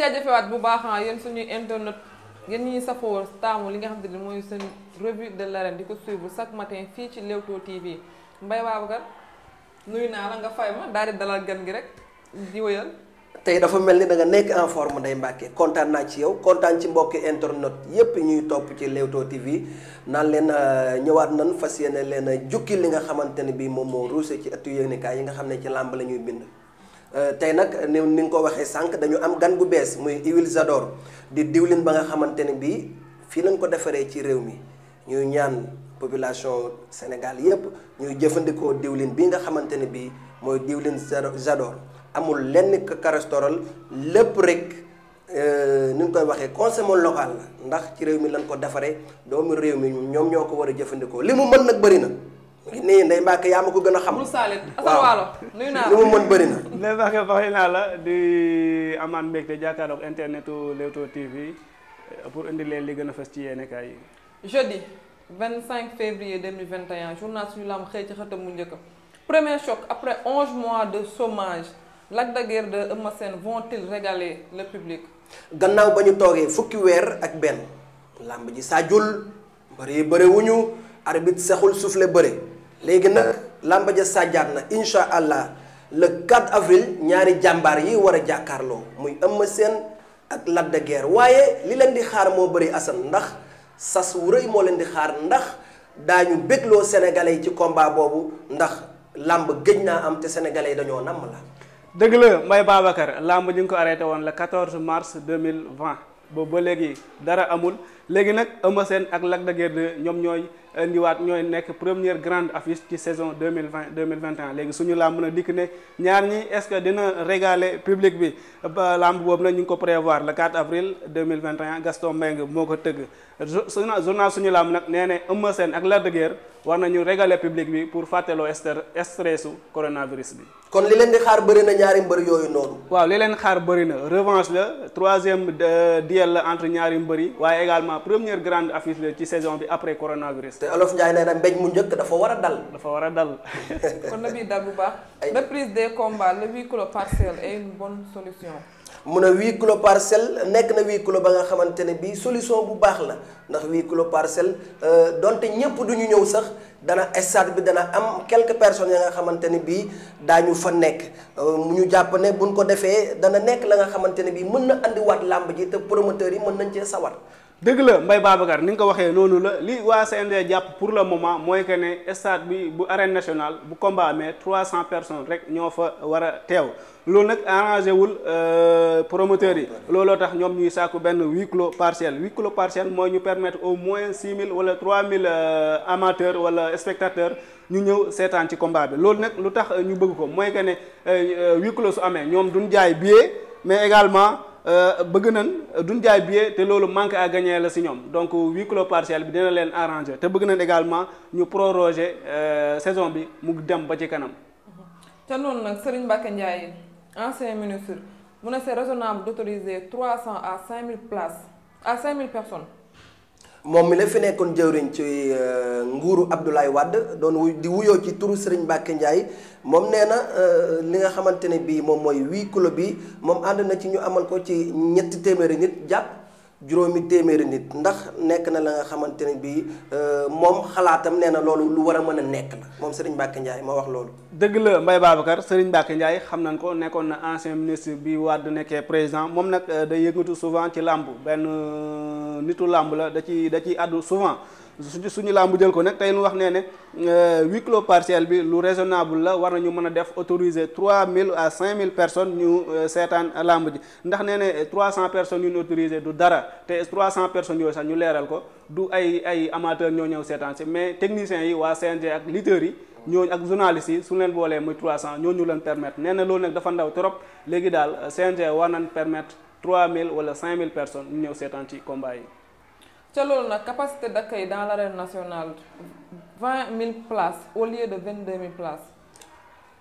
leen jaajëfewaat bu baax ah, yéen suñuy internet yéen ñi safoo taamu li nga xam te ne mooy seen revue de l'arène di ko suivre chaque matin fii ci Leewtoo TV Mbaye Babacar nuyu naa la nga fay ma daal di dalal gan gi rek di wëyal. tey dafa mel ni da nga nekk en forme day Mbàkke kontaan naa ci yow kontaan ci mbokki internet yépp ñuy topp ci Leewtoo TV naan leen euh, ñëwaat nan fas yéene leen jukki li nga xamante ne bii moom moo ruuse ci ëttu yéenekaay yi nga xam ne ci làmb la ñuy bind. Euh, tey nag ni ni nga ko waxee sànq dañu am gan bu bees muy huile Zador di diwlin ba nga xamante ne bii fii lañ ko defaree ci réew mi ñuy ñaan population Sénégal yépp ñuy jëfandikoo diwlin bi nga xamante ne bii mooy diwlin Zador amul lenn cholestérol lépp rek euh, nu ñu koy waxee consommation locale la ndax ci réew mi lañ ko defaree doomu réew mi ñoom ñoo ko war a jëfandikoo li mu mën nag bëri na. nii Ndeye Mbacke yaa ma ko gën a xam. waaw waaw nuyu naa la li mu mën bëri na. Ndeye Mbacke waxi naa la di amaat mbégte jàkkaarloog internetu Leewtoo TV pour indi leen li gën a fës ci yéen kaay yi. jeudi 25 février 2021 journal suñu lamb xëy ci xëtam mu njëkk premier choc après 11 mois de somage Lac de Guiers 2 Eumeu Sène vont régaler le public. gannaaw ba ñu toogee fukki weer ak benn lamb ji saajul mbër yi bëre wuñu arbitre saxul soufflé bëre. léegi nag làmba ja sàjjaat na incha allah le 4 avril ñaari jàmbaar yi war a jàkkaarloo muy Eumeu seen ak Lac de waaye li leen di xaar moo bëri Assane ndax sas wu rëy moo leen di xaar ndax daañu bégloo sénégalais yi ci combat boobu ndax làmb gëj naa am te sénégalais yi dañoo namm la. dëgg la Mbaye Babacar làmb ñu ngi ko arrêté woon le 14 mars 2020 boobu ba léegi dara amul. léegi nag Eumeu Sène ak Lac de ñoom ñooy indiwaat ñooy nekk première grande affiche ci saison 2020 2021 léegi suñu làmb na dikk ne ñaar ñi est que dina régaler public bi làmb boobu nag ñu ngi ko prévoir le 4 avril 2021 Gaston Mbengue moo ko tëgg suñu journal suñu làmb nag nee ne Eumeu Sène ak Lac de war nañu régaler public bi pour fàtteloo stressu coronavirus bi kon li leen di xaar bëri na ñaari mbër yooyu noonu waaw li leen xaar bëri na revanche la troisième euh, duel la entre ñaari mbër yi vraiment première grande affiche la ci saison bi après coronavirus. te Olof Ndiaye nee na mu njëkk dafa war a dal. dafa war a dal. kon la bii dal bu baax. reprise des combats le huis clos partiel est une bonne solution. mu ne huis clos parcelle nekk na huis clos ba nga xamante ne bii solution bu baax la ndax huis clos parcelle euh, donte ñëpp du ñu ñëw sax dana stade bi dana am quelque personnes ya nga xamante ne bii daañu fa nekk euh, mu ñu jàpp ne buñ ko defee dana nekk la nga xamante ne bii mën na andiwaat làmb ji te yi mën nañ cee sawar. dëgg la Mbaye Babacar ni nga ko waxee noonu la li waa CNG jàpp pour le moment mooy que ne stade bi bu arène nationale bu combat amee trois cent personnes rek ñoo fa war a teew loolu nag arrangé wul euh, promoteurs yi looloo tax ñoom ñuy sàkku benn huis clos partiel huis clos partiel mooy ñu permettre au moins six mille wala trois mille euh, amateurs wala spectateurs ñu ñëw seetaan ci combat bi loolu nag lu tax ñu bëgg ko mooy que ne euh, huis clos su amee ñoom duñ jaay billet Euh, bëgg nañ euh, duñ jaay billet te loolu manque à gagner la si ñoom donc euh, huis clos partiel bi dina leen arranger te bëgg nañ également ñu proroger saison bi mu dem ba ci kanam. te noonu nag Serigne Mbacké Ndiaye ancien ministre mu ne c'est raisonnable d'autoriser trois cent à cinq mille places à cinq mille personnes. moom mi la fi nekkoon jëwriñ ci euh, nguuru Abdoulaye Wade doon wuy di wuyoo ci turu Serigne Mbacke njaay moom nee na euh, li nga xamante ne bii moom mooy huis clos bi moom ànd na ci ñu amal ko ci ñetti téeméeri nit jàpp juróomi téeméeri nit ndax nekk na la xamante ne bii euh, moom xalaatam nee na loolu lu war a mën a nekk la moom Serigne Mbacke Ndiaye moo wax loolu. dëgg la Mbaye Babacar Serigne Mbacke Ndiaye xam nañ ko nekkoon na ancien ministre bi Wade nekkee président moom nag day yëngatu souvent ci làmb benn. nitu làmb la da ci da ciy addu souvent su suñu làmb jël ko nag tey nu wax nee ne euh, huis clos partiel bi lu raisonnable la war na ñu mën a def autoriser trois mille à cinq mille personnes ñu euh, seetaan làmb ji ndax nee ne trois cent personnes yu ñu autorisé du dara te trois cent personnes yooyu sax ñu leeral ko du ay ay amateurs ñoo ñëw seetaan si mais techniciens yi waa CNG ak lutteurs yi ñooñu ak journalistes yi su leen boolee muy trois cent ñooñu leen permettre nee na loolu nag dafa ndaw trop léegi daal euh, CNG war nañ permettre 3000 wala 5000 personnes ñu ñëw seetaan ci combat yi. ca loolu nag capacité d'accueil dans l'arène nationale mille places au lieu de vingt deux 22000 places.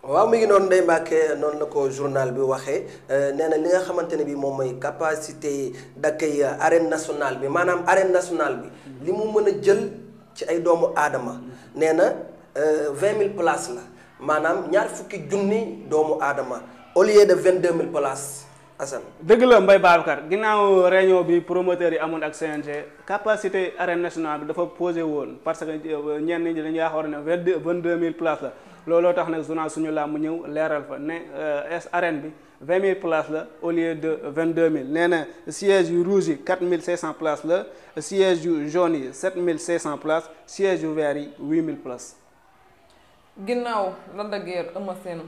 waaw mi ngi noonu Ndeye Mbacke noonu la ko journal bi waxee euh, nee na li nga xamante ne bi moom mooy capacité d'accueil arène nationale bi maanaam arène nationale bi li mu mën a jël ci ay doomu aadama nee na euh, vingt mille places la maanaam ñaar fukki junni doomu aadama au lie de vingt deux mille places Assane dëgg la Mbaye Babacar ginnaaw réunion bi promoteur yi amoon ak CNG capacité arène nationale bi dafa posé woon parce que euh, ñenn ñi dañu yaakaar ne vingt deux mille places la looloo tax nag journal suñu làmb mu ñëw leeral fa ne euh, es arène bi vingt mille places la au lieu de vingt deux mille nee na siège yu rouge yi quatre mille cinq cent places la siège yu jaune yi sept mille cinq cent places siège yu vert yi huit mille places. ginnaaw la dëgër Eumeu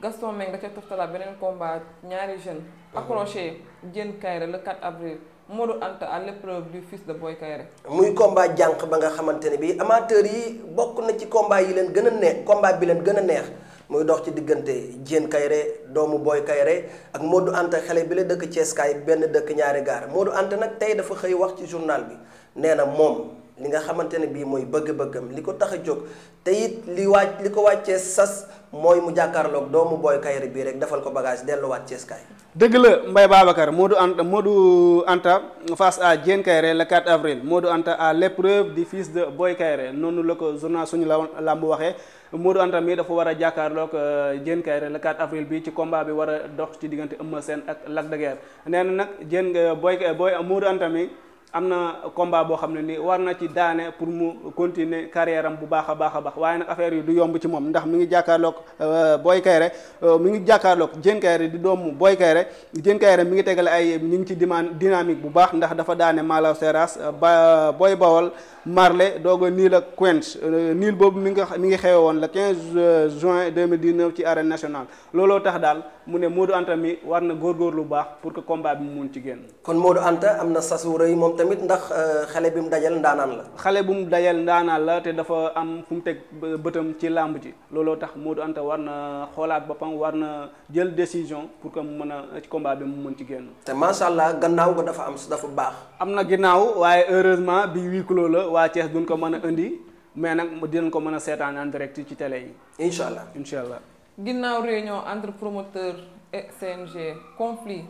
Gaston Mbengue da ca toftalaat beneen combat ñaari jeune ah, accroché Diène Kairé le 4 avril Modou Anta à l'épreuve du fils de Boy Kairé muy combat jànq ba nga xamante ne bi amateur yi bokk na ci combat yi leen gën a neex combat bi leen gën a neex muy dox ci diggante Diène Kairé doomu Boy Kairé ak Modou Anta xale bi la dëkk Thiès kaay benn dëkk ñaari gaar Modou Anta nag tey dafa xëy wax ci journal bi nee na moom li nga xamante ne bii mooy bëgg-bëggam li ko tax a jóg te it li wàcc li ko wàccee sas mooy mu jàkkaarloog doomu booy kayri bii rek defal ko bagage delluwaat Cees kaay. dëgg la Mbaye Babacar moo du Modou Anta face à Diène Kairé le 4 avril Modou Anta à l'épreuve du fils de Boy noonu la ko journal suñu làmb waxee Modou Anta mii dafa war a jàkkaarloog euh, Diène Kairé le 4 avril bi ci combat bi war a dox ci diggante Eumeu seen ak Lac de Guiers nag na nag Diène euh, Boy Boy Modou Anta mi. am na combat boo xam ne ni war na ci daane pour mu continuer carrière bu baax a baax a baax waaye nag affaire yi du yomb ci moom ndax mi ngi jàkkaarloog euh, Boy Kayre euh, mi ngi jàkkaarloog Diène Kayre di doomu Boy Kayre Diène Kayre mi ngi tegale ay ñu ngi ci diman dynamique bu baax ndax dafa daane Malaw Seras euh, ba Boy Bawol Marley doog a niil ak Quench euh, niil boobu mi nga mi ngi xewe woon le 15 euh, juin 2019 ci arène nationale looloo tax daal mu ne Modou Anta mi war na góor góorgóor lu baax pour que combat bi mu mun ci génn. kon Modou Anta am na sas wu rëy moom tamit ndax euh, xale bi mu dajal ndaanaan la. xale bu mu dajal ndaanaan la dafa am fu mu teg bëtam ci làmb ji looloo tax Modou Anta war na xoolaat boppam war na jël décision pour que mu mën a ci combat bi mu mun ci génn. te macha allah gannaaw ko dafa am dafa baax. am na ginnaaw waaye heureusement bi huis clos la. waa Thiès duñ ko mën a indi mais nag dinañ ko mën a seetaan en direct ci tele yi. incha allah incha allah. ginnaaw réunion entre promoteur et CNG conflit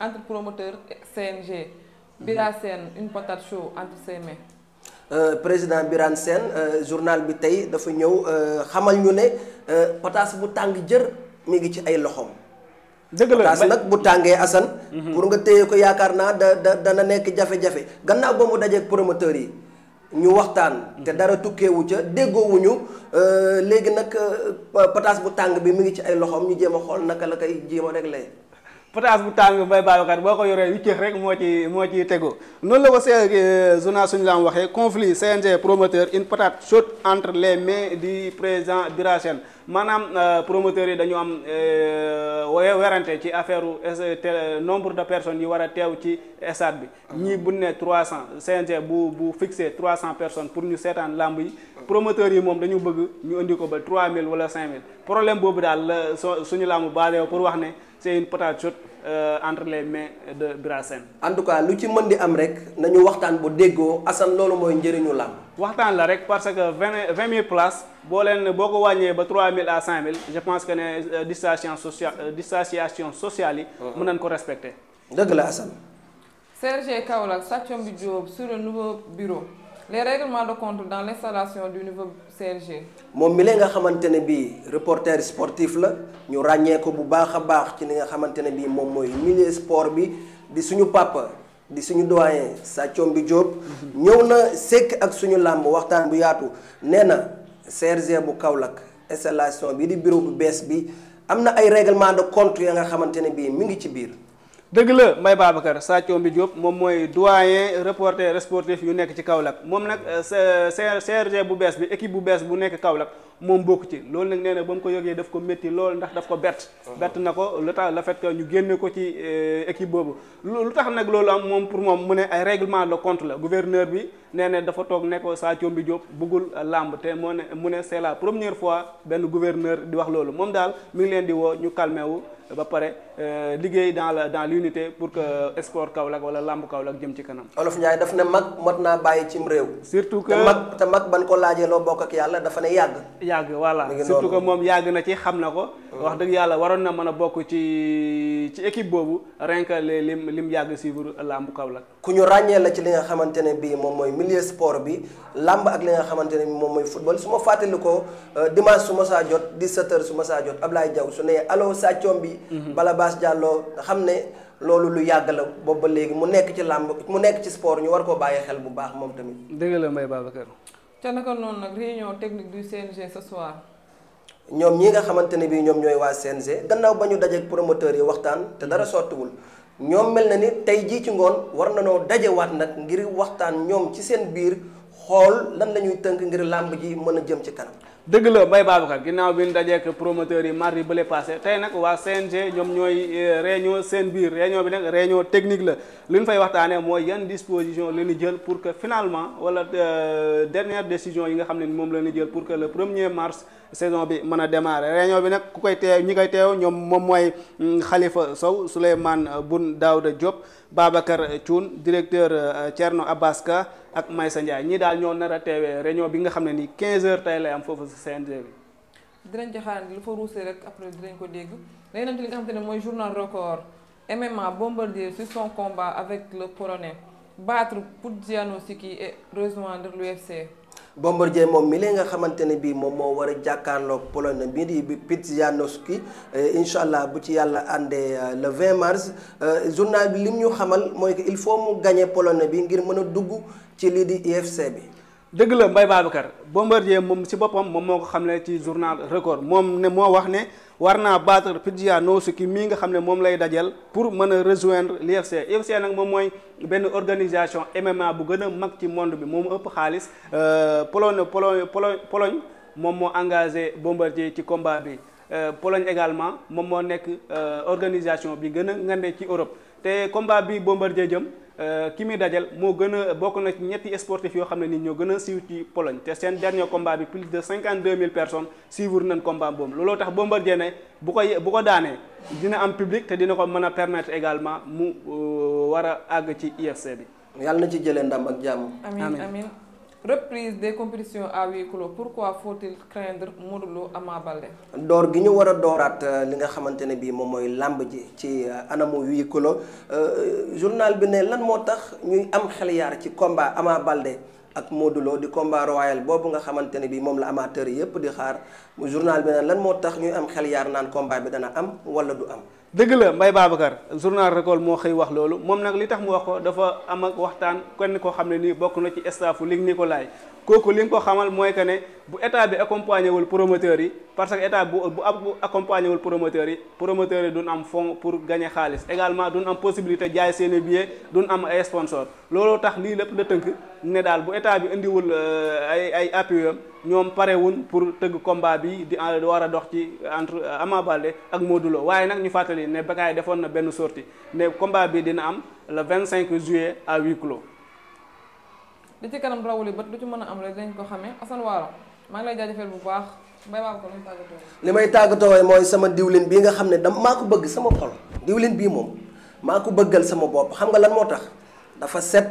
entre promoteur et CNG. Mm-hmm. Bira une patate chaude entre ses mains. Euh, président Birane Sène euh, bi tey dafa ñëw euh, xamal ñu ne euh, pataas bu tàng jër mi ngi ci ay loxoom. dëgg la pataas nag bu tàngee Assane. Mm-hmm. pour nga téye ko yaakaar naa da da dana nekk jafe-jafe gannaaw ba mu dajeeg promoteurs yi. ñu waxtaan te dara tukkeewu ca déggoowuñu euh, léegi nag euh, pataas bu tàng bi mu ngi ci ay loxoom ñu jéem a xool naka la koy jéem a réglé potaas bu tàng bay baabakat boo ko yoree wicceex rek moo ci moo ci tegu noonu la ko see euh, journal suñu la am waxee conflit CNG promoteur une patate chaude entre les mains du président Birachène maanaam euh, promoteurs yi dañu am euh, werante ci affaire te nombre de personnes yi war a teew ci stade bi ñii bu ne 300 CNG bu bu trois 300 personnes pour ñu seetaan lamb yi promoteurs yi moom dañu bëgg ñu indi ko ba 3000 wala 5000 problème boobu daal la soo suñu laamu basé pour wax ne c' est une patate chaude euh, entre les mains de Bira Sène en tout cas lu ci mën di am rek nañu waxtaan bu déggoo Assane loolu mooy njëriñu làmb waxtaan la rek parce que vingt vingt mille places boo leen boo ko wàññee ba trois mille à cinq mille je pense que ne euh, distanciation sociale euh, distanciation sociale yi. Uh-huh. mën nañ ko respecter. dëgg la Assane. Serge Kaolack les règlements de compte dans l'installation du nouveau CNG. moom mi lee nga xamante ne bii reporter sportif la ñu ràññee ko bu baax a baax ci li nga xamante ne bii moom mooy milieu sport bi di suñu papa di suñu doyen Sathio Mbi Diop. ñëw na sekk ak suñu làmb waxtaan bu yaatu nee na CNG bu Kaolack installation bi di bureau bu bees bi am na ay règlement de compte ya nga xamante ne bii mi ngi ci biir. dëgg la Mbaye Babacar Sadio Mbi Diop moom mooy doyen reporter sportif yu nekk ci Kaolack moom nag euh, CRG bu bees bi équipe bu bees bu nekk Kaolack moom bokk ci loolu nag nee na ba mu ko yogee daf ko métti loolu ndax daf ko bett. Uh-huh. bett na ko lu tax la fet que ñu génne ko ci euh, équipe boobu. lu tax nag loolu am moom pour moom mu ne ay réglement le compte la gouverneur bi nee na dafa toog ne ko Sadio Mbi bëggul làmb te moo ne mu ne c'est la première fois benn gouverneur di wax loolu moom daal mi ngi leen di woo ñu calmé wu ba pare. Euh, liggéey dans la dans l'unité pour que sport Kaolack wala làmb Kaolack jëm ci kanam. Olof Ndiaye daf ne mag mot naa bàyyi cim réew. surtout que te mag te mag ban ko laajee loo bokk ak yàlla dafa ne yàgg. yàgg voilà surtout que moom yàgg na ci xam na ko. Mm. wax dëgg yàlla waroon na mën a bokk ci ci équipe boobu rien que lim lim yàgg suivre làmb Kaolack. ku ñu ràññee la ci li nga xamante ne bii moom mooy milieu sport bi làmb ak li nga xamante ne moom mooy football su ma ko euh, dimanche su ma saa jot 17h su ma saa jot Ablaye Diaw su ne allo Sathio Abass Diallo xam ne loolu lu yàgg la boobu ba léegi mu nekk ci làmb mu nekk ci sport ñu war koo bàyyi xel bu baax moom tamit. dëgg la Mbaye Babacar. ca naka noonu nag réunion technique du CNG ce soir. ñoom ñi nga xamante ne bii ñoom ñooy waa CNG gannaaw ba ñu dajee promoteur yi waxtaan te dara mm-hmm. sottiwul ñoom mel na ni tey jii ci ngoon war na noo dajewaat nag ngir waxtaan ñoom ci seen biir xool lan lañuy ñuy tënk ngir làmb ji mën a jëm ci kanam. dëgg la Mbaye Babacar ginnaaw bi ñu dajeek promoteur yi mardi bële passé tey nag waa CNG ñoom ñooy euh, réunion seen biir réunion bi nag réunion technique la li ñu fay waxtaanee mooy yan disposition la ñu jël pour que finalement wala euh, dernière décision yi nga xam ne moom la ñu jël pour que le premier mars saison bi mën a démarrer réunion bi nag ku koy teew ñi koy teew ñoom moom mooy xalifa mm, Sow bun daaw de Diop Babacar Thioune directeur euh, Thierno Abaska ak Maysa Ndiaye ñii daal ñoo nar a teewee réunion bi nga xam ne nii 15 heures tey lay am foofu si CNG bi. dinañ ci xaarandi lu fa ruusee rek après dinañ ko dégg léegi nag ci li nga xamante mooy journal record MMA Bombardier sur son combat avec le polonais battre Pudzianowski et rejoindre l'UFC. Bombardier moom mi lee nga xamante ne bii moom moo war a jàkkaarloog Pologne bii di Pudzianowski eh, incha allah bu ci yàlla àndee eh, le 20 mars eh, journal bi lim ñu xamal mooy que il faut mu gagné Pologne bi ngir mën a dugg ci lii di UFC bi. dëgg la Mbaye Babacar Bombardier moom si boppam moom moo ko xam ne ci journal record moom ne moo wax ne war naa battre Pudzianowski su ki mii nga xam ne moom lay dajal pour mën a rejoindre l'UFC UFC nag moom mooy benn organisation MMA bu gën a mag ci monde bi moom ëpp xaalis euh, Pologne Pologne Pologne Pologne moom moo engagé Bombardier ci combat bi euh, Pologne également moom moo nekk euh, organisation bi gën a ngande ci Europe te combat bi Bombardier jëm Euh, ki muy dajal moo gën a bokk nag ñetti sportif yoo xam ne nii ñoo gën a siiw ci Pologne te seen dernier combat bi plus de cinquante deux mille personnes suivre nañ combat boobu looloo tax Bombardier ne bu koy bu ko daanee dina am public te dina ko mën a permettre également mu euh, war a àgg ci UFC bi. yàlla na ci jëlee ndam ak jàmm. amiin amiin reprise des compétitions à huis pour pourquoi faut-il craindre Modou Lô Ama Baldé door gi ñu war a dooraat euh, li nga xamante ne bii moom mooy làmb ji ci euh, anamu huis clos euh, journal bi ne lan moo tax ñuy am xel yaar ci combat amaa balde ak Modou di combat royal boobu nga xamante ne bii moom la amateur yëpp di xaar mu journal bi ne lan moo tax ñuy am xel yaar naan combat bi dana am wala du am. dëgg la Mbaye Babacar journal Record moo xëy wax loolu moom nag li tax mu wax ko dafa am ak waxtaan kenn koo xam ne nii bokk na ci ni ko Nicolaï kooku li nga ko xamal mooy que ne bu état bi accompagné wul promoteur yi parce que état bu bu ab accompagné wul promoteur yi promoteur yi duñ am fonds pour gagner xaalis également duñ am possibilité jaay seen i billets duñ am ay sponsor looloo tax lii lépp la tënk ne daal bu état bi indiwul euh, ay ay appui ñoom parewuñ pour tëgg combat bi di war a dox ci entre euh, Ama ak Modou Lo waaye nag ñu fàttali ne Bécaye defoon na benn sortie ne combat bi dina am le 25 juillet à huis clos. li ci kanam rawuli bët du ci mën a am rek dinañ ko xamee Assane Waram maa ngi lay jaajëfal bu baax mbay baax li may tàggatoo mooy sama diwlin bii nga xam ne dama maa ko bëgg sama xol diwlin bii moom maa ko bëggal sama bopp xam nga lan moo tax dafa set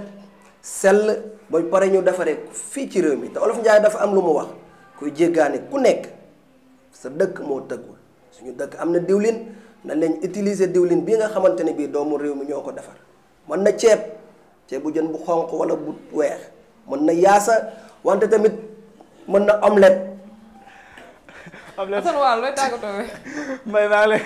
sell. ba pare ñu defaree fii ci réew mi te olof Njaay dafa am lu mu wax kuy jéggaane ku nekk sa dëkk moo tëggul suñu dëkk am na diwlin na leen utiliser diwlin bii nga xamante ne bii doomu réew mi ñoo ko defar mën na ceeb ceeb bu jën bu xonq wala bu weex mën na yaasa wante tamit mën na omelette xam leen Assane Wall looy tàggatoo mbay maa ngi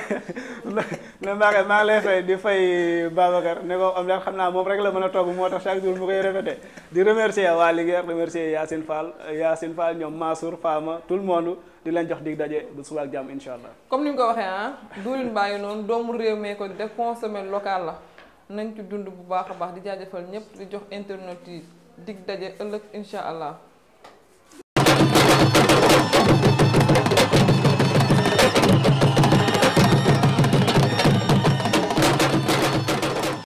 lay maa ngi maa fay di fay Babacar ne ko am leen xam naa moom rek la mën a togg moo tax chaque jour mu koy répété di remercier waa Linguère remercier Yacine Fall Yacine Fall ñoom Mansour Fama tout le monde di leen jox dig daje bu suba ak jàmm insha allah comme ni ñu ko waxee ah duulin baa ngi noonu doomu réew mee ko def consommé local la nañ ci dund bu baax a baax di jaajëfal ñëpp di jox internet yi dig daje ëllëg insha allah